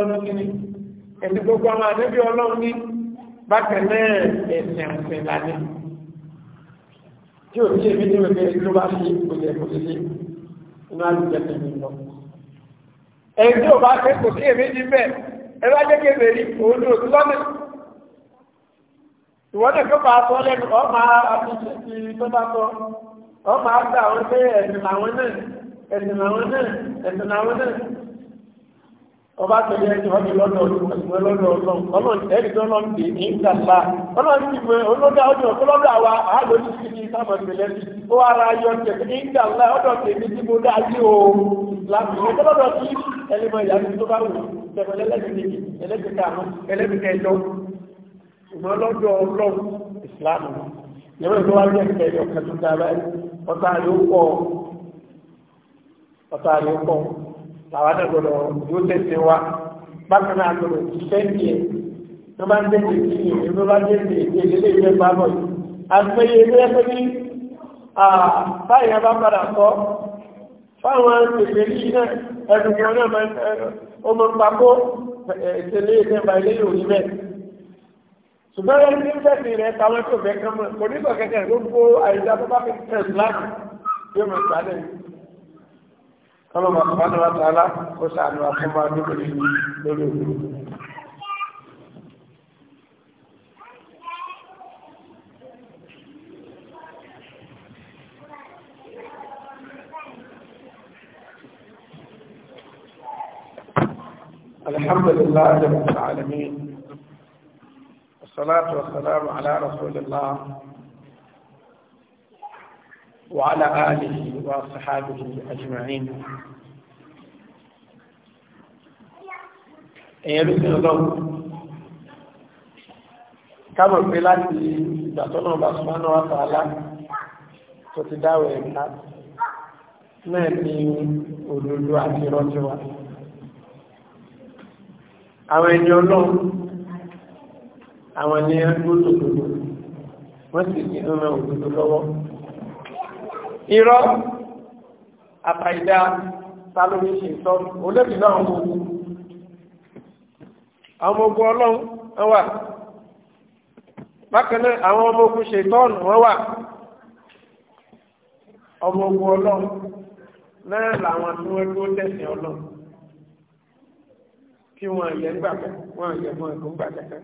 ẹ̀ láàbì ẹ̀sìn gbogbo àwọn àdébí ọlọ́run ní bákan náà ẹ̀sìn àṣẹ lálẹ́ tí ò tí èmi ní wípé ló bá fi òye kò sí sí inú àlùjẹ tèmi lọ. ẹ̀yìn tí ò bá fẹ́ kò sí èmi ní bẹ́ẹ̀ ẹ bá jẹ́ kéde rí òun ní òtún lọ́nà ìwọ́n náà kópa sọ lẹ́nu ọ máa àtúnṣe ti tó bá sọ ọ máa gbà wọn pé ẹ̀sìn làwọn náà ẹ̀sìn làwọn náà ẹ̀sìn làwọn náà. ọba tẹ̀lé ẹjọ́ ọdún lọ́dọ̀ ìwé lọ́dọ̀ ọlọ́run ẹ̀rí tó lọ́n dè ní ìgbàlá ọlọ́run ti mọ olódà ọdún ọ̀pọ̀lọ́dọ̀ àwa àádọ́jú sí ní sábà tẹ̀lé sí ó ara yọ tẹ̀lé ní ọdọ̀ tí mo dá sí o láti ẹjọ́ lọ́dọ̀ ìyá làwọn náà gbọdọ̀ yóò tẹ̀sẹ̀ wa bákan náà gbọdọ̀ ṣiṣẹ́ ní ẹ̀ tó bá ń tẹ̀sẹ̀ sí i ẹ̀ tó bá ń tẹ̀sẹ̀ sí i ilé ìwé bá bọ̀ yìí. àgbẹ̀yẹ ilé ẹgbẹ́ ní báyìí bá padà sọ fáwọn ìpèsè yìí náà ẹ̀dùn kan náà ọmọ ń pakó ìṣẹ̀lẹ̀ ìṣẹ̀ ìgbà ilé yóò ní ṣùgbọ́n ẹni tí ń tẹ̀sẹ̀ rẹ̀ táwọn tó bẹ́ẹ̀ kan mọ̀ kò ní kọ́lọ́ máa fún wọn láti alá ó sàánú àfọ́mọ́ àdúgbò الحمد لله رب العالمين والصلاة والسلام على رسول الله وعلى آله وأصحابه أجمعين èyàn ló sínú lọ́wọ́ kámọ̀ pé láti ìgbàtọ́nà bá sọ́nà àtàlá tó ti dáwẹ̀ ẹ̀ká náà ni òdòdó wọ́n sì ní ọmọ òdòdó lọ́wọ́ àtàìdá sálórí ṣètọ́ olóbi náà ń gbogbo àwọn ogun ọlọ́run wọ́n wà bákan náà àwọn ọmọ ogun ṣètọ́ọ̀nù wọ́n wà ọmọ ogun ọlọ́run náà làwọn tí wọ́n dúró tẹ̀sán ọlọ́run kí wọ́n yẹ gbà pẹ́ wọ́n yẹ mọ́ ẹ̀kọ́ gbà kẹ́kẹ́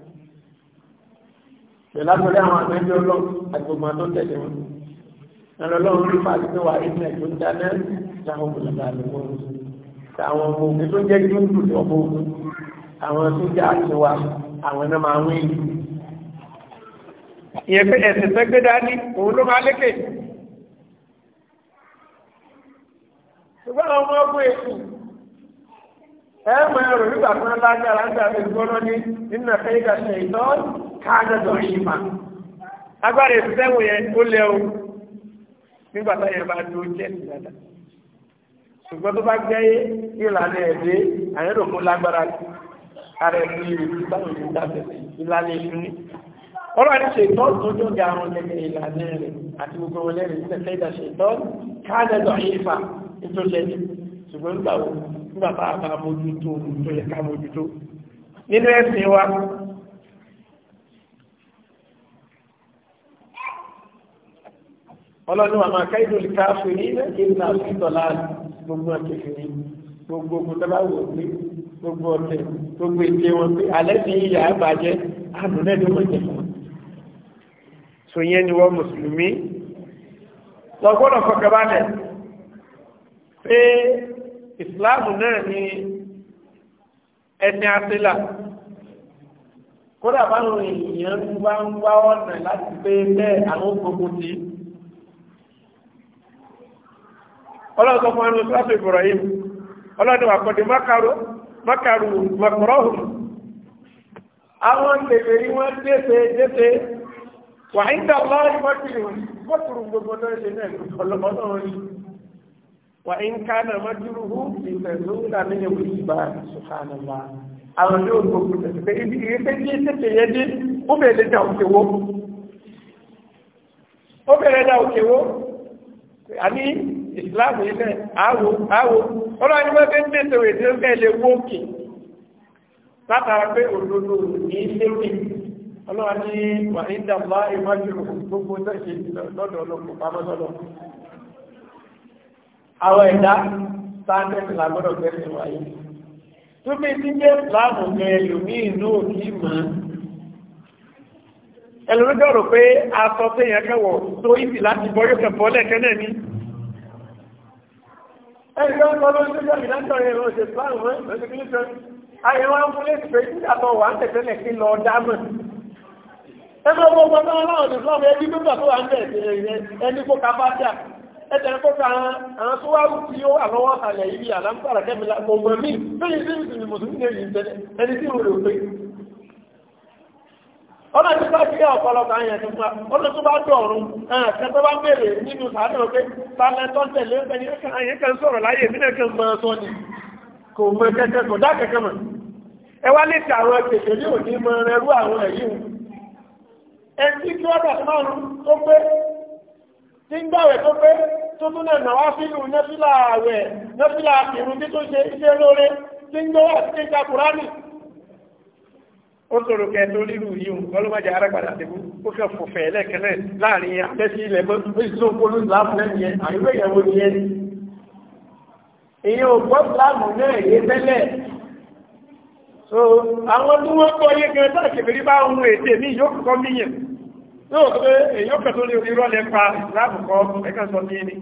pẹ̀lú àgbẹ̀lẹ́ àwọn àgbẹ̀jọ́ ọlọ́run àgbègbè àtọ́tẹ̀lé wọn lọ́lọ́run ló máa ti wà ìpínlẹ̀ tó ń dáná láwọn ọmọlọ́gbà lọ́wọ́ àwọn ọmọ òkè tó jẹ́ kí ó dùn ní ọmọ òkè àwọn tó jẹ́ àtiwà àwọn ẹ̀nà máa wí ìlú ìyẹn pé ẹ̀sìn tó gbé dání òun ló máa lékè ṣùgbọ́n àwọn ọmọ ọgbọ́n èkó ẹ mọ ẹrù nígbà tó ń lágbára ń dàbí gbọ́nà ní nínú ẹ̀fẹ́ ìdàṣẹ ìtọ́ káàdọ̀dọ̀ yìí nígbà táyà bá dúró jẹ́ ìdàdà ṣùgbọ́n tó bá gbẹ́yé ìlànà ẹ̀dẹ́ àyẹ̀dọ̀kún lágbára ara ẹ̀mí ìlú báwọn ìlú dábẹ̀ ìlànà ìlú ní. ọlọ́run àti ṣètọ́ tó jọ ga àrùn lẹ́gbẹ̀ ìlànà rẹ̀ àti gbogbo wọn lẹ́rìí tẹ́tẹ́ ìdá ṣètọ́ káàdẹ̀dọ̀ ìfà nítòṣẹ́jú ṣùgbọ́n nígbà wo nígbà bá a bá mójútó tó yẹ ká mójútó nínú ẹ̀sìn wa ọlọ́run àmà káìdù lè káàfin ní ìlànà àfihàn láàrín gbogbo àkẹfìní gbogbo gbogbo pé gbogbo ọ̀tẹ̀ gbogbo èdè wọn pé alẹ́ ti yíya àbàjẹ́ àdùnẹ́dọ́gbọ̀jẹ̀ sòyẹn ni wọ́n mùsùlùmí lọ́gbọ́dọ̀ fọkàbalẹ̀ pé ìsìláàmù náà ni ẹni àtìlà kódà báwọn èèyàn bá ń wá ọ̀nà láti pé bẹ́ẹ̀ àwọn gbogbo ti. ọlọ́run sọ fún wa ní sọ́ọ̀tù Ibrahim ọlọ́run wà kọ́ni makaru makaru makarọ́hùn àwọn tèbèrè wọn dẹ́sẹ̀ dẹ́sẹ̀ wà ń dà lọ́rùn mọ́tìrì mọ́tìrì gbogbo náà ṣe náà ọlọ́mọ náà rí wà ń kánà mọ́tìrì hù ìfẹ̀lúwìlà nínú ìwé ìgbà subhanallah àwọn yóò gbogbo tẹ̀sí ibi ìrẹsẹ̀ yé tẹ̀sẹ̀ yẹ dé ó bẹ̀rẹ̀ dà òkè wo ó bẹ̀rẹ̀ dà òkè wo àní ìsìláàmù ilẹ̀ àwò àwò ọlọ́run ní wọ́n fi ń tètè wèé tí ó fẹ́ lè wó òkè látara pé òdodo ní lókè ọlọ́run ní wà ní dàbá ìwájú gbogbo tẹ̀sí lọ́dọ̀ ọlọ́pọ̀ pamọ́ sọ́dọ̀ àwọn ẹ̀dá sáńtẹ́sì làgbọ́dọ̀ tẹ̀sí wáyé tóbi tí jẹ́ ìsìláàmù gan ẹlòmíì inú òkè mọ́ ẹlòmíì dọ̀rọ̀ pé aṣọ tó yẹn kẹwọ̀ tó ìsì láti bọ́ yóò kẹ̀ bọ́ lẹ́kẹ́ náà ní ẹ̀yọ́ ọlọ́run tó jẹ́ ìdájọ́ rẹ̀ lọ ṣe báwọn ọ̀rẹ́ kí ní sọ àyẹ̀wò amúlé ìfẹ́ ìdíjàtọ̀ wà ń tẹ̀tẹ̀lẹ̀ kí lọ dámọ̀ ẹgbẹ́ ọmọ ọmọ ọlọ́run ní sọ́ọ̀rọ̀ ẹbí nígbà tó wà ń bẹ̀ ẹni kó ká bá dà ẹ̀tẹ̀rẹ̀ kó ka àwọn tó wá rú tí ó wà lọ́wọ́ àlẹ̀ yìí àlámùsàrà kẹ́mi la mọ̀ mọ̀ mí ọ̀nà tí bá fi ọ̀pọ̀lọpọ̀ àyàn tó fa ọ̀nà tó bá dọ̀rùn ẹ̀ẹ̀kan tó bá bèèrè nínú sàánà pé tààlẹ́tọ́ tẹ̀lé ń bẹni kan sọ̀rọ̀ láyé ìbílẹ̀ kan mọ́ sọ ni kò mọ kẹ́kẹ́ kò dá kẹ́kẹ́ mọ̀ ẹ wá lè ti àwọn kèké ní òní mọ ẹrú àwọn ẹ̀yìn ẹtí tí wọ́n dàtí márùn tó pé tí ń gbàwẹ̀ tó pé tó tún náà náwá fílù nẹ́fílà o ó sọ̀rọ̀ kẹtọ́ rírù yíò ọlọ́mọdé arápadà tẹ̀kú ó fẹ́ fòfẹ́ ẹlẹ́kẹ̀lẹ́ láàrin àtẹ́sí ilẹ̀ mọ́ ìṣó polú láàmù lẹ́nu yẹn àyíwẹ̀ ìyàwó ni yẹn ìyẹn ò gbọ́ láàmù náà yé tẹ́lẹ̀ so àwọn tí wọ́n kọ́ yé gan tá kẹfìrí bá ohun èdè ní yóò kọ́ míyàn yóò pé èyàn kẹtọ́ ní irọ́ lẹ pa láàmù kọ́ ẹ̀kẹ́ sọ ní ẹni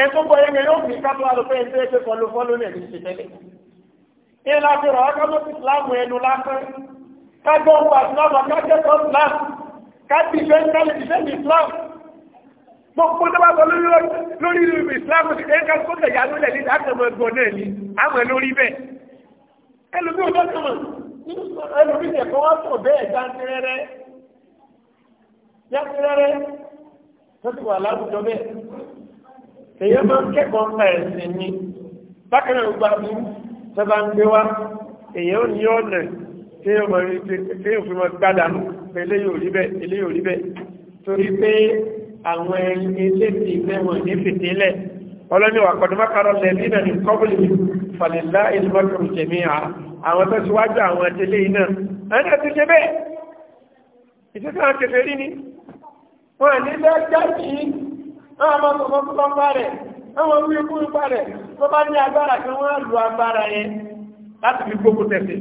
ẹ tó kọ́ yẹn yóò fi kátó alùpẹ́ ẹ̀ tẹ́lẹ̀ pé kọ́ ló fọ́ lónìí ẹ̀ kájọ́ ń wà ìsìláàmù kájẹ́kọ̀ọ́ ìsìláàmù kájì ìfẹ́ńtẹ́lì ìfẹ́ńtẹ́lì ìsìláàmù gbogbo tó bá sọ lórí ìsìláàmù ti kẹ́kẹ́ kó tẹ̀yà lólẹ̀ ní àtẹ̀mọ̀ ẹgbọ̀n náà ni àwọn lórí bẹ́ẹ̀ ẹlòmí ò tọ́tọ̀mọ̀ ẹlòmí tẹ̀ kọ́ wọ́n tọ̀ bẹ́ẹ̀ jáńtìrẹ́rẹ́ jáńtìrẹ́rẹ́ tó ti wà láwùjọ bẹ́ẹ̀ èyí máa ń kẹ́kọ̀ọ́ pa ẹ̀sìn ni bákan náà gbàgbé tó bá ń gbé wá èyí ò ní ọ̀nà kéèyàn fi mọ́ gbádànù pé eléyìí ò rí bẹ́ẹ̀ eléyìí ò rí bẹ́ẹ̀ torí pé àwọn ilé ti mẹ́wọ̀n ní fìtílẹ̀ ọlọ́niwà kọ̀dọ̀mọ́kàrọ̀ lẹ́bí náà ní kọ́bùlì fàlẹ̀lá ìlúmọ́kùnrin jẹ̀mí à àwọn tó síwájú àwọn àtẹlé iná ẹ̀nà tó ṣe bẹ́ẹ̀ ìtúkà kẹfẹ́ rí ni wọ́n nílẹ̀ jáde àwọn ọmọ tó fọ́n tó bá rẹ̀ àwọn orí ikú ipa rẹ̀ tó bá ní agbára kí wọ́n lu agbára yẹn láti fi gbógun tẹ̀sí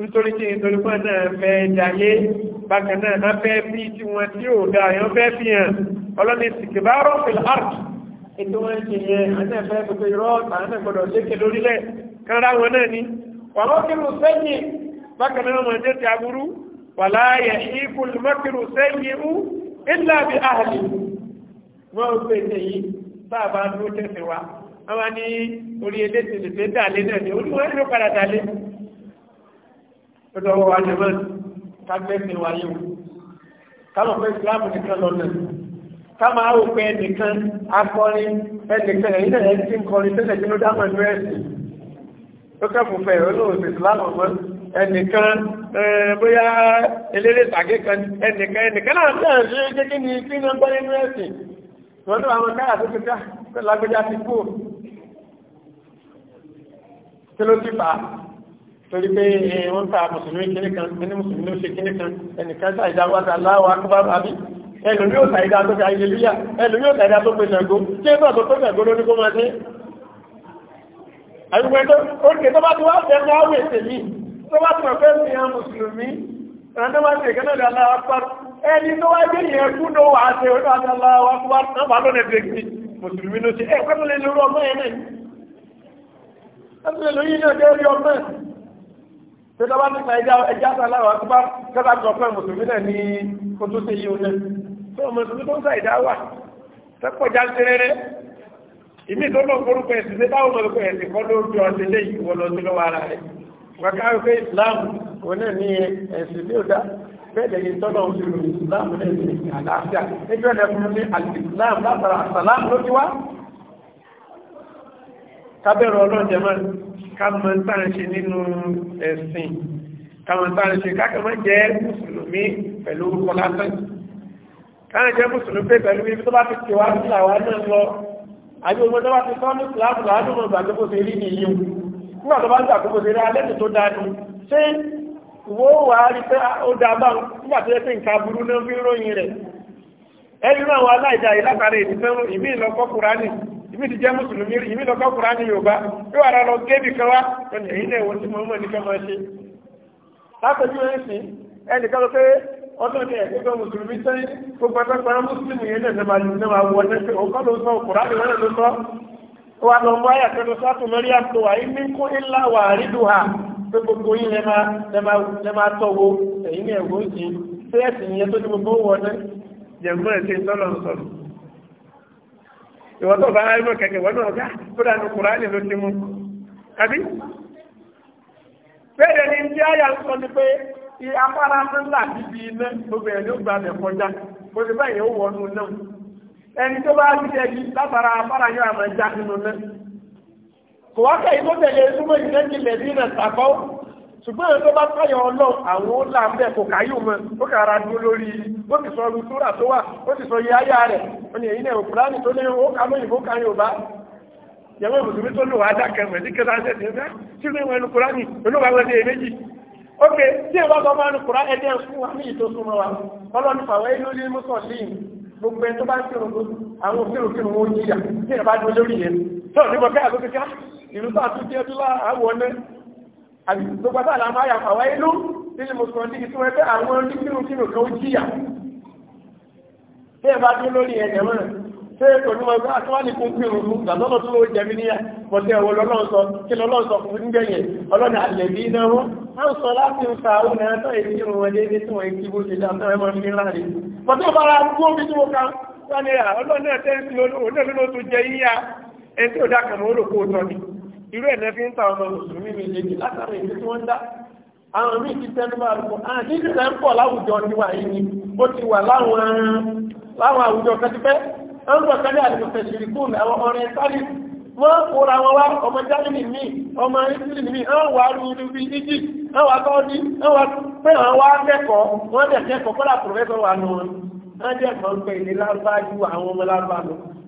nítorí tí nítorí pọ́n náà fẹ́ jayé bákan náà náà fẹ́ bí tí wọ́n tí ò dáa yẹn fẹ́ fi hàn ọlọ́ni sìkè bá rọ̀ fìlà áàrùn ètò wọn ṣe yẹn àná ẹ̀fẹ́ gbogbo irọ́ àná gbọdọ̀ lékè lórílẹ̀ kára wọn náà ni wọ́n mọ́kìrù sẹ́yìn bákan náà wọ́n jẹ́ ti aburú wà láàyè ìkùn mọ́kìrù sẹ́yìn mú ilà bí ahàlì wọ́n ò pè é yìí sáàbà ló tẹ̀sẹ̀ wa wọ́n wá ní orí edé tèlè tẹ́ dàlé náà ni olúwa ló padà dàlé lọ́dọ̀ ọwọ́ wa jẹ́ mẹ́rin kágbẹ́sìn wa yíò káwọn pé ìsìláàmù nìkan lọ́nà ká máa rò pé ẹnìkan akọrin ẹnìkan ẹ̀yìn náà ẹni tí ń kọrin tẹ́lẹ̀ tí ló dámọ̀ ní ẹ̀sìn tó kẹ́fù fẹ́ olóòsì ìsìláàmù mọ́ ẹnìkan bóyá eléré tàgé kan ẹnìkan ẹnìkan náà tẹ̀ ṣe kékeré ní kí ní ọgbọ́n nínú ẹ̀sìn lọ́dọ̀ àwọn káyà tó ti ká lágbèjà ti kú kí ló ti fà á torí pé wọ́n ta mùsùlùmí kíní kan kíní mùsùlùmí ló ṣe kíní kan ẹnìkan ta ìdáwọ́ta aláwọ̀ akọ́bárò àbí ẹlòmí ò sàídá tó fi ayélujára ẹlòmí ò sàídá tó pe ṣàngó tí ẹgbẹ́ tó pe ṣàngó lóní kó máa ṣe àyùgbẹ́ tó oríkè tó bá ti wá fẹ́ wá wè tèmi tó bá ti mọ̀ fẹ́ fi hàn mùsùlùmí ẹ̀rọ máa ṣe ìkẹ́nà ìdá aláwọ̀ akọ́bárò ẹni tó wá gbé yẹn kú ló wà á ṣe orí aláwọ̀ akọ́bárò náà bá lónìí mùsùlùmí ló ṣe ẹ̀ tó lọ́wọ́ nípa ẹja ẹja sọ aláwọ̀ akọ́bá kọ́bá tó ọ̀pẹ́ mùsùlùmí náà ní ojú tó yí oúnjẹ tó mùsùlùmí tó ń sàìdá wà tẹ́pọ̀ já sẹ́rẹ́rẹ́ ìmí tó lọ forúkọ ẹ̀sìn sí báwọn olùkọ ẹ̀sìn kọ́ ló fi ọtí lé ìwọ lọ sí lọ́wọ́ ara Islam òun náà ní ẹ̀sìn tí ó dá bẹ́ẹ̀ lẹ́yìn tọ́lọ̀ ń fi ròyìn Islam náà ní àlàáfíà ẹjọ́ ẹ̀lẹ́kùn ní Islam látara àsàlám ló ti wá kábẹ́rọ ọlọ́ọ̀jẹ̀ kámọ̀ntánṣe nínú ẹ̀sìn kámọ̀ntánṣe kákàmọ́ jẹ́ mùsùlùmí pẹ̀lú kọlásán káàrẹ jẹ́ mùsùlùmí pẹ̀lú ibi tó bá ti kí wá sí àwọn náà lọ àbí ogun tó bá ti sọ́ ní kìláàbù láàrín ọgbà tó kó ṣe rí ní iye nígbà tó bá ń gbàgbọ́ ṣe rí alẹ́ tó dáa ni ṣé ìwọ wà á rí pé ó dáa bá nígbà tó yẹ pé nǹkan aburú náà fi ń ròyìn rẹ̀ ẹ̀yìn náà wà láìda ìlàkàrẹ̀ ìdí ìmí ti jẹ́ mùsùlùmí rí ìmí lọ́kọ́ kura ní yorùbá yóò wà lọ gébì kan wá ọ̀nà èyí náà wọ́n ti mọ̀ mọ̀ nìkan máa ṣe. látọ̀jú ẹ̀ sìn ẹnìkan lọ pé ọdún ní ẹ̀ẹ́dẹ́gbẹ́ mùsùlùmí sẹ́yìn gbogbo ẹgbẹ́gbẹ́ mùsùlùmí yẹn náà máa lùmí máa wọ ẹ̀ ọkọ ló sọ kura ní wọn ló sọ. wà lọ mú àyà pẹ̀lú sátú mẹ́rí àtò wà ní kó ńlá wà rídu ha pé gbogbo yín lẹ máa tọ́wọ́ èyí náà wọ́n ti fẹ́ẹ̀sì yẹn tó ní gbogbo wọ̀ ìwọ́n tó bá ara ẹgbẹ́ kẹ̀kẹ́ wọ́n náà gá tó dánú kùránì ló ti mú àbí bẹ́ẹ̀ ni tí àyà ń sọ ni pé afárá ńlá bíbí iná gbogbo ẹ̀ ló gba bẹ̀ kọjá bó ti báyìí ó wọnú náà ẹni tó bá ti ẹbí látara afárá yóò àmọ́ já nínú náà kò wá kẹ́yìn tó tẹ̀lé súnmọ́ ìdẹ́jì lẹ́bí náà tàkọ́ ṣùgbọ́n ẹni tó bá táyọ̀ ọlọ́run àwọn ó là ń bẹ̀ kò káyò mọ́ ó kà ara dúró lórí ó sì sọ ọrùn súrà tó wà ó sì sọ iye ayá rẹ̀ ó ní èyí náà òkúránì tó ní ó kà lóyìnbó kà yóò bá yẹmọ mùsùlùmí tó lò wá dákẹ́ mọ̀ ní kẹta ṣẹ̀ ní ẹ̀ sí ní ìwọ̀n ẹnukúránì olóòwà wọn ní èméjì ok tí ìwọ́n bá máa nukúrá ẹdẹ fún wa ní ìtòsúnmọ́ wa ọlọ́ni fàwọn ẹni olórí mùsọ̀lìn gbogbo ẹni tó bá ń kírun àwọn òkèrùkèrù wọn ó yíyà tí ìyẹn bá dúró lórí yẹn tó ní bọ́ bẹ́ẹ̀ àtúntí ká ìlú tó àtúntí ẹdúlá àwọn ọ̀nẹ́ àbí tó pátá àlàmà àyà fàwa inú nínú mùsùlùmí níbi tí wọ́n fẹ́ àwọn oníkírù kírù kan ó jìyà tí ẹ bá dún lórí ẹ̀jẹ̀ mọ́ ṣé kò ní wọn gbà tí wọ́n ní kún kírù mú gbàtọ́nà tó lóò jẹmi níyà pọ̀tẹ́ ẹ̀wọ̀ lọ́lọ́sọ kí lọ́lọ́sọ fún ní gbẹ̀yẹ̀ ọlọ́nà àlẹ́bí náà wọ́n á ń sọ láti ń fa àwọn ẹ̀rọ tó èyí kírù wọn déédéé tí wọ́n ti bó ṣe dá ọ̀tọ́ ẹ̀mọ́ ní láàrin pọ̀tẹ́ bára kú omi tí mo ka wọ́n ní ọlọ́nà ẹ̀tẹ́ ìsinmi olóòtú jẹ yíyá ẹ̀ tí ò dá kàmọ́ olóko tọ́ ni irú ẹ̀ nẹ́fí ń ta ọmọ mùsùlùmí mi lèmi látàrí ìlú tí wọ́n ń dá àwọn míì ti tẹnu bá rúkọ àti ah, ìṣẹ̀lẹ̀ ń pọ̀ láwùjọ yìí ni ó ti wà láwọn àwùjọ kẹtipẹ́ wọ́n ń bọ̀ kẹ́lẹ́ àdìmọ̀tẹ̀ ṣìrìkún àwọn ọ̀rẹ́ sáré wọ́n ọmọ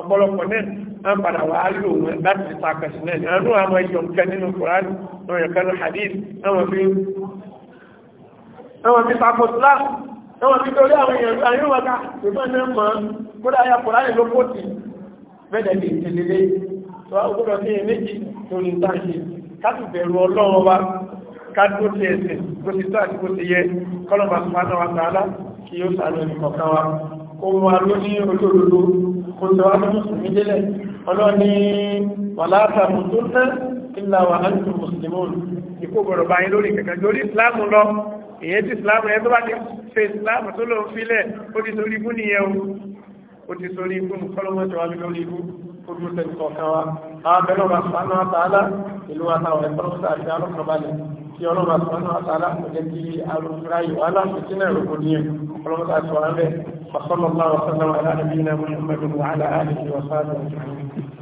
ọ̀pọ̀lọpọ̀ náà a ń padà wàá lò wọn láti fi takàsí náà nínú àwọn ẹyọ nǹkan nínú kùránì àwọn ẹ̀kan nínú hadith àwọn fi àwọn fi takò síláà àwọn fi torí àwọn èèyàn àyíwọ̀n wákà ìgbà náà mọ̀ kódà ya kùránì ló pọ̀ tì bẹ́ẹ̀ lè tẹ̀lélé tó a gbọ́dọ̀ sí ẹ̀ méjì lórí táyé káàtì bẹ̀rù ọlọ́run wa káàtì ó ti ẹ̀sìn kó ti tó àti kó ti yẹ kọ́lọ̀ bá sùpánà wa tààlà kí ó sàánú ẹnì kọ̀ọ̀kan wa kó wọn ló ní olódodo kò tó wá fún mùsùlùmí délẹ̀ ọlọ́ni wàláàfà mùsùlùmí ìlà wà láti mùsùlùmí ikú gbọdọ̀ bá yín lórí kẹ̀kẹ́ lórí ìsìláàmù lọ èyí ti ìsìláàmù ẹ tó bá ti ó ti sórí ikú kọ́lọ́mọ́ jọ wájú lórí ikú ó dúró tẹ̀lé kọ̀ọ̀kan wa abẹ́lẹ́ ọba sánú àtàlá ìlú àtàwọn ẹ̀tọ́ ọ̀sà àti alọ́kọ̀ọ́balẹ̀ tí ọlọ́ba sánú àtàlá kò ní ọlọ́mọta àti wàhálà mú